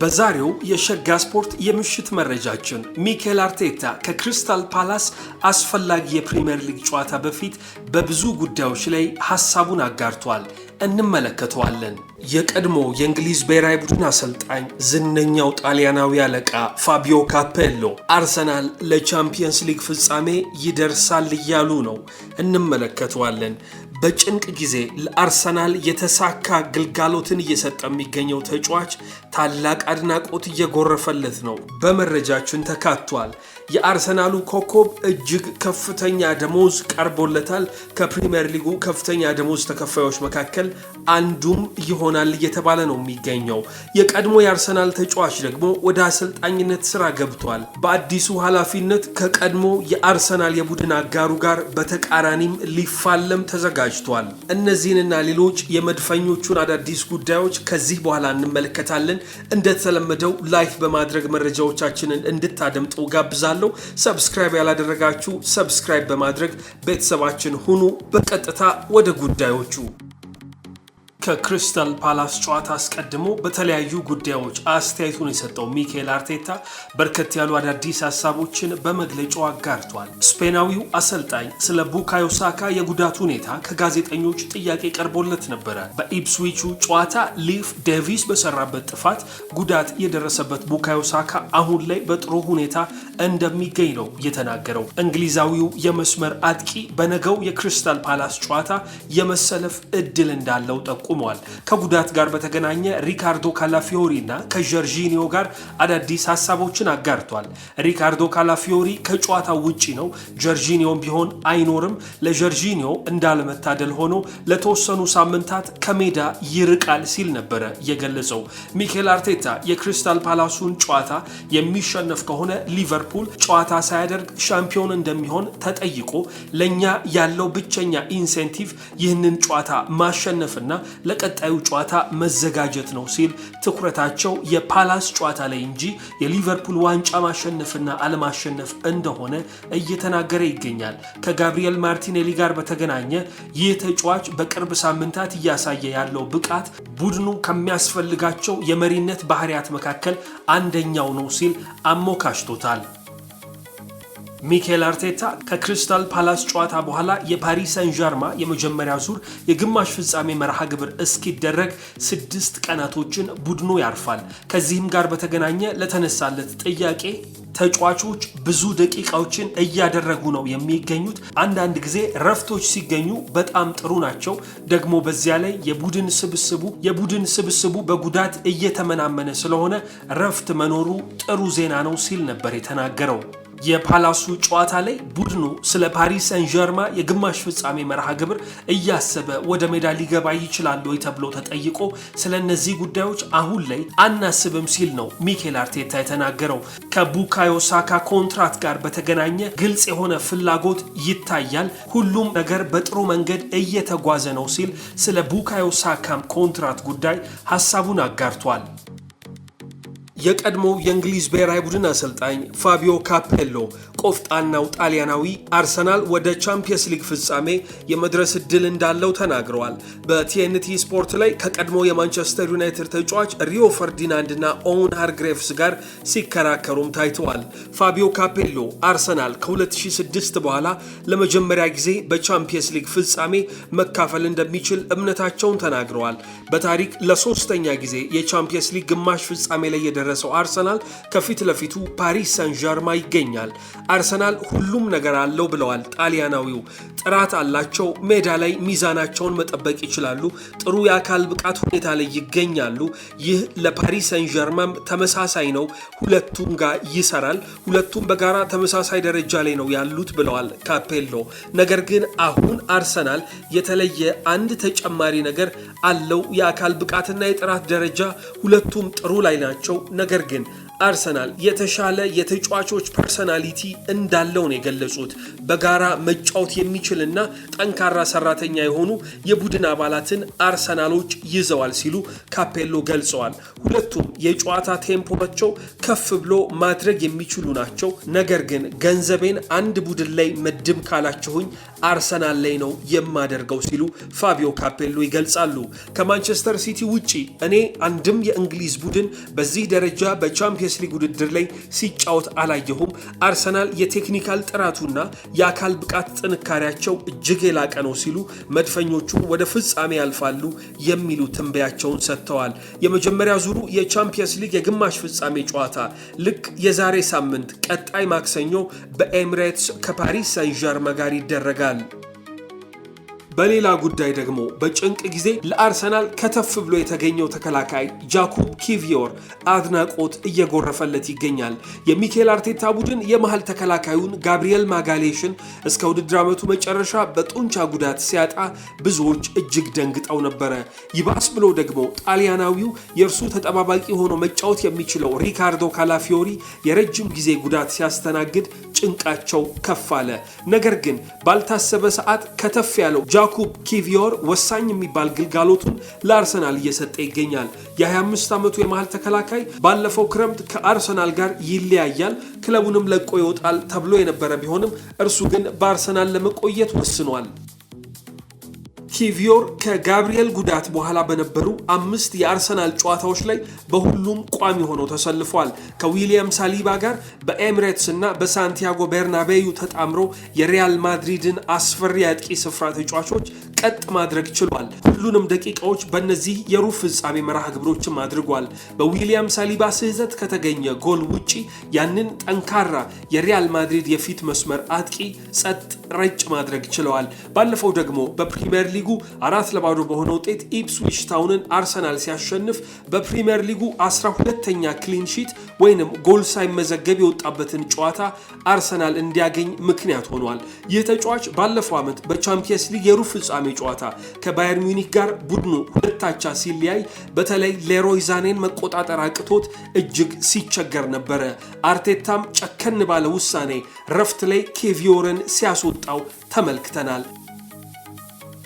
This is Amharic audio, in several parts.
በዛሬው የሸጋ ስፖርት የምሽት መረጃችን ሚኬል አርቴታ ከክሪስታል ፓላስ አስፈላጊ የፕሪምየር ሊግ ጨዋታ በፊት በብዙ ጉዳዮች ላይ ሐሳቡን አጋርቷል። እንመለከተዋለን። የቀድሞ የእንግሊዝ ብሔራዊ ቡድን አሰልጣኝ ዝነኛው ጣሊያናዊ አለቃ ፋቢዮ ካፔሎ አርሰናል ለቻምፒየንስ ሊግ ፍጻሜ ይደርሳል እያሉ ነው። እንመለከተዋለን። በጭንቅ ጊዜ ለአርሰናል የተሳካ ግልጋሎትን እየሰጠ የሚገኘው ተጫዋች ታላቅ አድናቆት እየጎረፈለት ነው። በመረጃችን ተካቷል። የአርሰናሉ ኮከብ እጅግ ከፍተኛ ደሞዝ ቀርቦለታል። ከፕሪምየር ሊጉ ከፍተኛ ደሞዝ ተከፋዮች መካከል አንዱም ይሆ ይሆናል እየተባለ ነው የሚገኘው። የቀድሞ የአርሰናል ተጫዋች ደግሞ ወደ አሰልጣኝነት ስራ ገብቷል። በአዲሱ ኃላፊነት ከቀድሞ የአርሰናል የቡድን አጋሩ ጋር በተቃራኒም ሊፋለም ተዘጋጅቷል። እነዚህንና ሌሎች የመድፈኞቹን አዳዲስ ጉዳዮች ከዚህ በኋላ እንመለከታለን። እንደተለመደው ላይፍ በማድረግ መረጃዎቻችንን እንድታደምጡ ጋብዛለሁ። ሰብስክራይብ ያላደረጋችሁ ሰብስክራይብ በማድረግ ቤተሰባችን ሁኑ። በቀጥታ ወደ ጉዳዮቹ ከክሪስታል ፓላስ ጨዋታ አስቀድሞ በተለያዩ ጉዳዮች አስተያየቱን የሰጠው ሚካኤል አርቴታ በርከት ያሉ አዳዲስ ሀሳቦችን በመግለጫው አጋርቷል። ስፔናዊው አሰልጣኝ ስለ ቡካዮ ሳካ የጉዳት ሁኔታ ከጋዜጠኞች ጥያቄ ቀርቦለት ነበረ። በኢፕስዊቹ ጨዋታ ሊፍ ዴቪስ በሰራበት ጥፋት ጉዳት የደረሰበት ቡካዮ ሳካ አሁን ላይ በጥሩ ሁኔታ እንደሚገኝ ነው የተናገረው። እንግሊዛዊው የመስመር አጥቂ በነገው የክሪስታል ፓላስ ጨዋታ የመሰለፍ እድል እንዳለው ጠቁ ጠቁመዋል። ከጉዳት ጋር በተገናኘ ሪካርዶ ካላፊዮሪ እና ከጀርጂኒዮ ጋር አዳዲስ ሀሳቦችን አጋርቷል። ሪካርዶ ካላፊዮሪ ከጨዋታ ውጪ ነው፣ ጀርጂኒዮም ቢሆን አይኖርም። ለጀርጂኒዮ እንዳለመታደል ሆኖ ለተወሰኑ ሳምንታት ከሜዳ ይርቃል ሲል ነበረ የገለጸው። ሚኬል አርቴታ የክሪስታል ፓላሱን ጨዋታ የሚሸነፍ ከሆነ ሊቨርፑል ጨዋታ ሳያደርግ ሻምፒዮን እንደሚሆን ተጠይቆ ለእኛ ያለው ብቸኛ ኢንሴንቲቭ ይህንን ጨዋታ ማሸነፍና ለቀጣዩ ጨዋታ መዘጋጀት ነው ሲል ትኩረታቸው የፓላስ ጨዋታ ላይ እንጂ የሊቨርፑል ዋንጫ ማሸነፍና አለማሸነፍ እንደሆነ እየተናገረ ይገኛል። ከጋብሪኤል ማርቲኔሊ ጋር በተገናኘ ይህ ተጫዋች በቅርብ ሳምንታት እያሳየ ያለው ብቃት ቡድኑ ከሚያስፈልጋቸው የመሪነት ባህሪያት መካከል አንደኛው ነው ሲል አሞካሽቶታል። ሚኬል አርቴታ ከክሪስታል ፓላስ ጨዋታ በኋላ የፓሪስ ሰን ዣርማ የመጀመሪያ ዙር የግማሽ ፍጻሜ መርሃ ግብር እስኪደረግ ስድስት ቀናቶችን ቡድኑ ያርፋል። ከዚህም ጋር በተገናኘ ለተነሳለት ጥያቄ ተጫዋቾች ብዙ ደቂቃዎችን እያደረጉ ነው የሚገኙት። አንዳንድ ጊዜ ረፍቶች ሲገኙ በጣም ጥሩ ናቸው። ደግሞ በዚያ ላይ የቡድን ስብስቡ የቡድን ስብስቡ በጉዳት እየተመናመነ ስለሆነ ረፍት መኖሩ ጥሩ ዜና ነው ሲል ነበር የተናገረው። የፓላሱ ጨዋታ ላይ ቡድኑ ስለ ፓሪስ ሰን ዠርማ የግማሽ ፍጻሜ መርሃ ግብር እያሰበ ወደ ሜዳ ሊገባ ይችላል ወይ ተብሎ ተጠይቆ ስለ እነዚህ ጉዳዮች አሁን ላይ አናስብም ሲል ነው ሚኬል አርቴታ የተናገረው። ከቡካዮ ሳካ ኮንትራት ጋር በተገናኘ ግልጽ የሆነ ፍላጎት ይታያል፣ ሁሉም ነገር በጥሩ መንገድ እየተጓዘ ነው ሲል ስለ ቡካዮ ሳካም ኮንትራት ጉዳይ ሀሳቡን አጋርቷል። የቀድሞው የእንግሊዝ ብሔራዊ ቡድን አሰልጣኝ ፋቢዮ ካፔሎ ቆፍጣናው ጣሊያናዊ አርሰናል ወደ ቻምፒየንስ ሊግ ፍጻሜ የመድረስ እድል እንዳለው ተናግረዋል። በቲኤንቲ ስፖርት ላይ ከቀድሞ የማንቸስተር ዩናይትድ ተጫዋች ሪዮ ፈርዲናንድ እና ኦውን ሃርግሬቭስ ጋር ሲከራከሩም ታይተዋል። ፋቢዮ ካፔሎ አርሰናል ከ2006 በኋላ ለመጀመሪያ ጊዜ በቻምፒየንስ ሊግ ፍጻሜ መካፈል እንደሚችል እምነታቸውን ተናግረዋል። በታሪክ ለሶስተኛ ጊዜ የቻምፒየንስ ሊግ ግማሽ ፍጻሜ ላይ የደረ የደረሰው አርሰናል ከፊት ለፊቱ ፓሪስ ሳን ዣርማ ይገኛል። አርሰናል ሁሉም ነገር አለው ብለዋል ጣሊያናዊው። ጥራት አላቸው፣ ሜዳ ላይ ሚዛናቸውን መጠበቅ ይችላሉ፣ ጥሩ የአካል ብቃት ሁኔታ ላይ ይገኛሉ። ይህ ለፓሪስ ሳን ዣርማም ተመሳሳይ ነው፣ ሁለቱም ጋር ይሰራል። ሁለቱም በጋራ ተመሳሳይ ደረጃ ላይ ነው ያሉት ብለዋል ካፔሎ። ነገር ግን አሁን አርሰናል የተለየ አንድ ተጨማሪ ነገር አለው፣ የአካል ብቃትና የጥራት ደረጃ ሁለቱም ጥሩ ላይ ናቸው። ነገር ግን አርሰናል የተሻለ የተጫዋቾች ፐርሰናሊቲ እንዳለው ነው የገለጹት። በጋራ መጫወት የሚችልና ጠንካራ ሰራተኛ የሆኑ የቡድን አባላትን አርሰናሎች ይዘዋል ሲሉ ካፔሎ ገልጸዋል። ሁለቱም የጨዋታ ቴምፖቸው ከፍ ብሎ ማድረግ የሚችሉ ናቸው። ነገር ግን ገንዘቤን አንድ ቡድን ላይ መድብ ካላችሁኝ አርሰናል ላይ ነው የማደርገው ሲሉ ፋቢዮ ካፔሎ ይገልጻሉ። ከማንቸስተር ሲቲ ውጪ እኔ አንድም የእንግሊዝ ቡድን በዚህ ደረጃ በቻምፒየንስ ሊግ ውድድር ላይ ሲጫወት አላየሁም። አርሰናል የቴክኒካል ጥራቱና የአካል ብቃት ጥንካሬያቸው እጅግ የላቀ ነው ሲሉ መድፈኞቹ ወደ ፍጻሜ ያልፋሉ የሚሉ ትንበያቸውን ሰጥተዋል። የመጀመሪያ ዙሩ የቻምፒየንስ ሊግ የግማሽ ፍጻሜ ጨዋታ ልክ የዛሬ ሳምንት ቀጣይ ማክሰኞ በኤምሬትስ ከፓሪስ ሳን ዠርማ ጋር ይደረጋል። ይላል። በሌላ ጉዳይ ደግሞ በጭንቅ ጊዜ ለአርሰናል ከተፍ ብሎ የተገኘው ተከላካይ ጃኩብ ኪቪዮር አድናቆት እየጎረፈለት ይገኛል። የሚኬል አርቴታ ቡድን የመሃል ተከላካዩን ጋብሪኤል ማጋሌሽን እስከ ውድድር ዓመቱ መጨረሻ በጡንቻ ጉዳት ሲያጣ ብዙዎች እጅግ ደንግጠው ነበረ። ይባስ ብሎ ደግሞ ጣሊያናዊው የእርሱ ተጠባባቂ ሆኖ መጫወት የሚችለው ሪካርዶ ካላፊዮሪ የረጅም ጊዜ ጉዳት ሲያስተናግድ ጭንቃቸው ከፍ አለ። ነገር ግን ባልታሰበ ሰዓት ከተፍ ያለው ጃኩብ ኪቪዮር ወሳኝ የሚባል ግልጋሎቱን ለአርሰናል እየሰጠ ይገኛል። የ25 ዓመቱ የመሃል ተከላካይ ባለፈው ክረምት ከአርሰናል ጋር ይለያያል፣ ክለቡንም ለቆ ይወጣል ተብሎ የነበረ ቢሆንም እርሱ ግን በአርሰናል ለመቆየት ወስኗል። ኪቪዮር ከጋብሪኤል ጉዳት በኋላ በነበሩ አምስት የአርሰናል ጨዋታዎች ላይ በሁሉም ቋሚ ሆነው ተሰልፏል። ከዊሊያም ሳሊባ ጋር በኤሚሬትስ እና በሳንቲያጎ በርናቤዩ ተጣምሮ የሪያል ማድሪድን አስፈሪ አጥቂ ስፍራ ተጫዋቾች ቀጥ ማድረግ ችሏል። ሁሉንም ደቂቃዎች በእነዚህ የሩብ ፍጻሜ መርሃ ግብሮችም አድርጓል። በዊሊያም ሳሊባ ስህተት ከተገኘ ጎል ውጪ ያንን ጠንካራ የሪያል ማድሪድ የፊት መስመር አጥቂ ጸጥ ረጭ ማድረግ ችለዋል። ባለፈው ደግሞ በፕሪምየር ሊጉ ሊጉ አራት ለባዶ በሆነ ውጤት ኢፕስዊች ታውንን አርሰናል ሲያሸንፍ በፕሪምየር ሊጉ 12ተኛ ክሊንሺት ወይንም ጎል ሳይመዘገብ የወጣበትን ጨዋታ አርሰናል እንዲያገኝ ምክንያት ሆኗል። ይህ ተጫዋች ባለፈው ዓመት በቻምፒየንስ ሊግ የሩብ ፍጻሜ ጨዋታ ከባየር ሚኒክ ጋር ቡድኑ ሁለታቻ ሲለያይ በተለይ ሌሮይ ዛኔን መቆጣጠር አቅቶት እጅግ ሲቸገር ነበረ። አርቴታም ጨከን ባለ ውሳኔ ረፍት ላይ ኬቪዮርን ሲያስወጣው ተመልክተናል።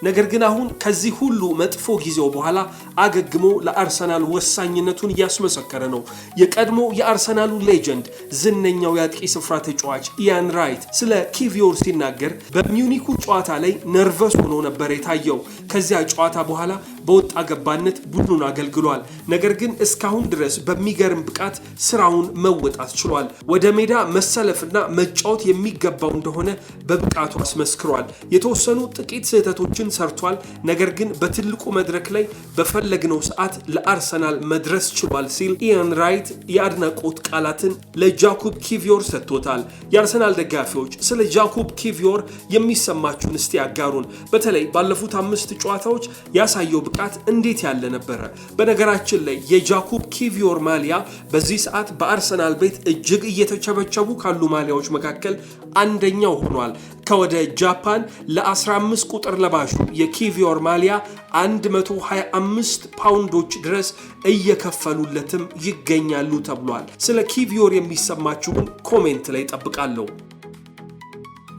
ነገር ግን አሁን ከዚህ ሁሉ መጥፎ ጊዜው በኋላ አገግሞ ለአርሰናል ወሳኝነቱን እያስመሰከረ ነው። የቀድሞ የአርሰናሉ ሌጀንድ ዝነኛው የአጥቂ ስፍራ ተጫዋች ኢያን ራይት ስለ ኪቪዮር ሲናገር በሚዩኒኩ ጨዋታ ላይ ነርቨስ ሆኖ ነበር የታየው። ከዚያ ጨዋታ በኋላ በወጣ ገባነት ቡድኑን አገልግሏል። ነገር ግን እስካሁን ድረስ በሚገርም ብቃት ስራውን መወጣት ችሏል። ወደ ሜዳ መሰለፍና መጫወት የሚገባው እንደሆነ በብቃቱ አስመስክሯል። የተወሰኑ ጥቂት ስህተቶችን ሰርቷል። ነገር ግን በትልቁ መድረክ ላይ በፈለግነው ሰዓት ለአርሰናል መድረስ ችሏል ሲል ኢያን ራይት የአድናቆት ቃላትን ለጃኩብ ኪቪዮር ሰጥቶታል። የአርሰናል ደጋፊዎች ስለ ጃኩብ ኪቪዮር የሚሰማችሁን እስቲ ያጋሩን። በተለይ ባለፉት አምስት ጨዋታዎች ያሳየው ብቃት እንዴት ያለ ነበረ! በነገራችን ላይ የጃኩብ ኪቪዮር ማሊያ በዚህ ሰዓት በአርሰናል ቤት እጅግ እየተቸበቸቡ ካሉ ማሊያዎች መካከል አንደኛው ሆኗል። ከወደ ጃፓን ለ15 ቁጥር ለባሹ የኪቪዮር ማሊያ 125 ፓውንዶች ድረስ እየከፈሉለትም ይገኛሉ ተብሏል። ስለ ኪቪዮር የሚሰማችሁን ኮሜንት ላይ ጠብቃለሁ።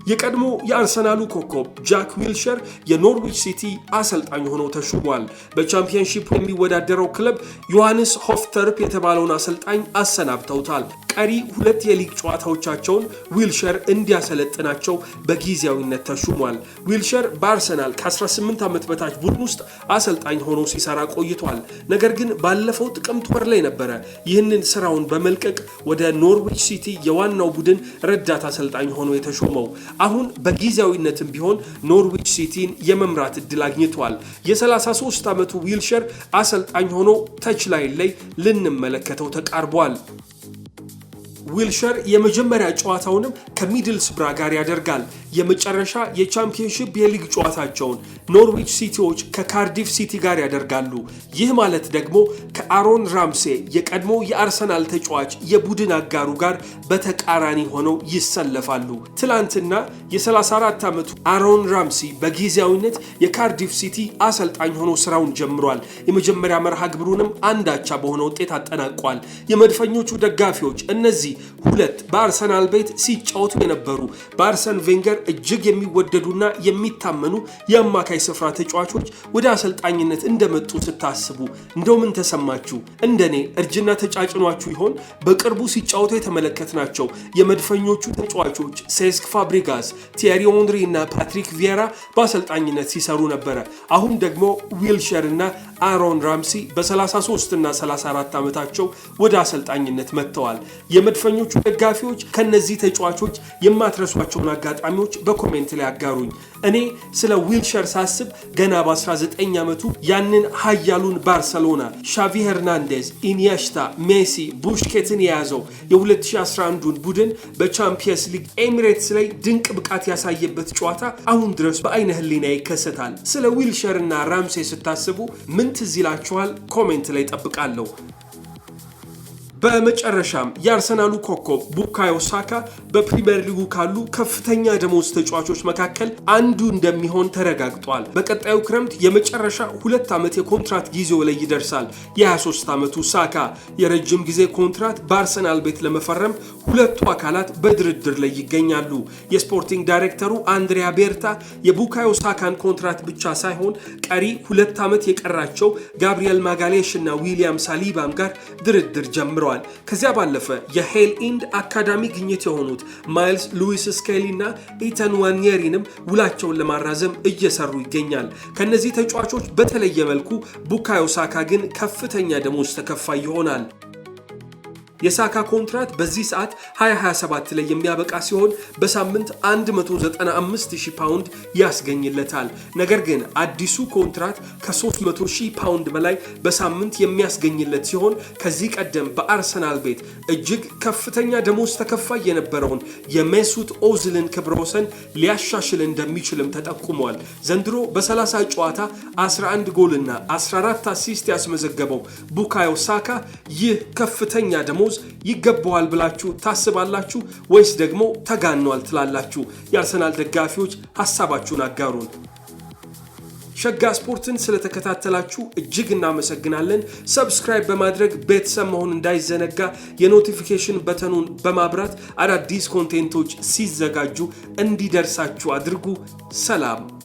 የቀድሞ የአርሰናሉ ኮከብ ጃክ ዊልሸር የኖርዊች ሲቲ አሰልጣኝ ሆነው ተሹሟል። በቻምፒየንሺፕ የሚወዳደረው ክለብ ዮሐንስ ሆፍተርፕ የተባለውን አሰልጣኝ አሰናብተውታል። ቀሪ ሁለት የሊግ ጨዋታዎቻቸውን ዊልሸር እንዲያሰለጥናቸው በጊዜያዊነት ተሹሟል። ዊልሸር በአርሰናል ከ18 ዓመት በታች ቡድን ውስጥ አሰልጣኝ ሆኖ ሲሰራ ቆይቷል። ነገር ግን ባለፈው ጥቅምት ወር ላይ ነበረ ይህንን ስራውን በመልቀቅ ወደ ኖርዊች ሲቲ የዋናው ቡድን ረዳት አሰልጣኝ ሆኖ የተሾመው። አሁን በጊዜያዊነትም ቢሆን ኖርዊች ሲቲን የመምራት እድል አግኝቷል። የ33 ዓመቱ ዊልሸር አሰልጣኝ ሆኖ ተችላይን ላይ ልንመለከተው ተቃርቧል። ዊልሸር የመጀመሪያ ጨዋታውንም ከሚድልስብራ ጋር ያደርጋል። የመጨረሻ የቻምፒዮንሺፕ የሊግ ጨዋታቸውን ኖርዊች ሲቲዎች ከካርዲፍ ሲቲ ጋር ያደርጋሉ። ይህ ማለት ደግሞ ከአሮን ራምሴ የቀድሞ የአርሰናል ተጫዋች የቡድን አጋሩ ጋር በተቃራኒ ሆነው ይሰለፋሉ። ትላንትና የ34 ዓመቱ አሮን ራምሲ በጊዜያዊነት የካርዲፍ ሲቲ አሰልጣኝ ሆኖ ስራውን ጀምሯል። የመጀመሪያ መርሃ ግብሩንም አንዳቻ በሆነ ውጤት አጠናቋል። የመድፈኞቹ ደጋፊዎች እነዚህ ሁለት በአርሰናል ቤት ሲጫወቱ የነበሩ በአርሰን ቬንገር እጅግ የሚወደዱና የሚታመኑ የአማካይ ስፍራ ተጫዋቾች ወደ አሰልጣኝነት እንደመጡ ስታስቡ እንደው ምን ተሰማችሁ? እንደኔ እርጅና ተጫጭኗችሁ ይሆን? በቅርቡ ሲጫወቱ የተመለከትናቸው የመድፈኞቹ ተጫዋቾች ሴስክ ፋብሪጋስ፣ ቲየሪ ኦንሪ እና ፓትሪክ ቪየራ በአሰልጣኝነት ሲሰሩ ነበረ። አሁን ደግሞ ዊልሸር እና አሮን ራምሲ በ33 እና 34 ዓመታቸው ወደ አሰልጣኝነት መጥተዋል። የመድፈኞቹ ደጋፊዎች ከነዚህ ተጫዋቾች የማትረሷቸውን አጋጣሚዎች በኮሜንት ላይ አጋሩኝ። እኔ ስለ ዊልሸር ሳስብ ገና በ19 ዓመቱ ያንን ሀያሉን ባርሰሎና ሻቪ ሄርናንዴዝ፣ ኢኒያሽታ፣ ሜሲ፣ ቡሽኬትን የያዘው የ2011ን ቡድን በቻምፒየንስ ሊግ ኤሚሬትስ ላይ ድንቅ ብቃት ያሳየበት ጨዋታ አሁን ድረስ በአይነ ህሊና ይከሰታል። ስለ ዊልሸርና ራምሴ ስታስቡ ምን ትዝ ይላችኋል? ኮሜንት ላይ ጠብቃለሁ። በመጨረሻም የአርሰናሉ ኮከብ ቡካዮ ሳካ በፕሪምየር ሊጉ ካሉ ከፍተኛ ደሞዝ ተጫዋቾች መካከል አንዱ እንደሚሆን ተረጋግጧል። በቀጣዩ ክረምት የመጨረሻ ሁለት ዓመት የኮንትራት ጊዜው ላይ ይደርሳል። የ23 ዓመቱ ሳካ የረጅም ጊዜ ኮንትራት በአርሰናል ቤት ለመፈረም ሁለቱ አካላት በድርድር ላይ ይገኛሉ። የስፖርቲንግ ዳይሬክተሩ አንድሪያ ቤርታ የቡካዮ ሳካን ኮንትራት ብቻ ሳይሆን ቀሪ ሁለት ዓመት የቀራቸው ጋብሪኤል ማጋሌሽ እና ዊሊያም ሳሊባም ጋር ድርድር ጀምረዋል። ተናግረዋል። ከዚያ ባለፈ የሄል ኢንድ አካዳሚ ግኝት የሆኑት ማይልስ ሉዊስ ስኬሊ እና ኢተን ዋንየሪንም ውላቸውን ለማራዘም እየሰሩ ይገኛል። ከእነዚህ ተጫዋቾች በተለየ መልኩ ቡካዮ ሳካ ግን ከፍተኛ ደሞዝ ተከፋይ ይሆናል። የሳካ ኮንትራት በዚህ ሰዓት 2027 ላይ የሚያበቃ ሲሆን በሳምንት 195000 ፓውንድ ያስገኝለታል። ነገር ግን አዲሱ ኮንትራት ከ300000 ፓውንድ በላይ በሳምንት የሚያስገኝለት ሲሆን ከዚህ ቀደም በአርሰናል ቤት እጅግ ከፍተኛ ደሞዝ ተከፋይ የነበረውን የሜሱት ኦዝልን ክብረ ወሰን ሊያሻሽል እንደሚችልም ተጠቁሟል። ዘንድሮ በ30 ጨዋታ 11 ጎልና 14 አሲስት ያስመዘገበው ቡካዮ ሳካ ይህ ከፍተኛ ደሞ ደሞዝ ይገባዋል ብላችሁ ታስባላችሁ ወይስ ደግሞ ተጋኗል ትላላችሁ? የአርሰናል ደጋፊዎች ሀሳባችሁን አጋሩን። ሸጋ ስፖርትን ስለተከታተላችሁ እጅግ እናመሰግናለን። ሰብስክራይብ በማድረግ ቤተሰብ መሆን እንዳይዘነጋ። የኖቲፊኬሽን በተኑን በማብራት አዳዲስ ኮንቴንቶች ሲዘጋጁ እንዲደርሳችሁ አድርጉ። ሰላም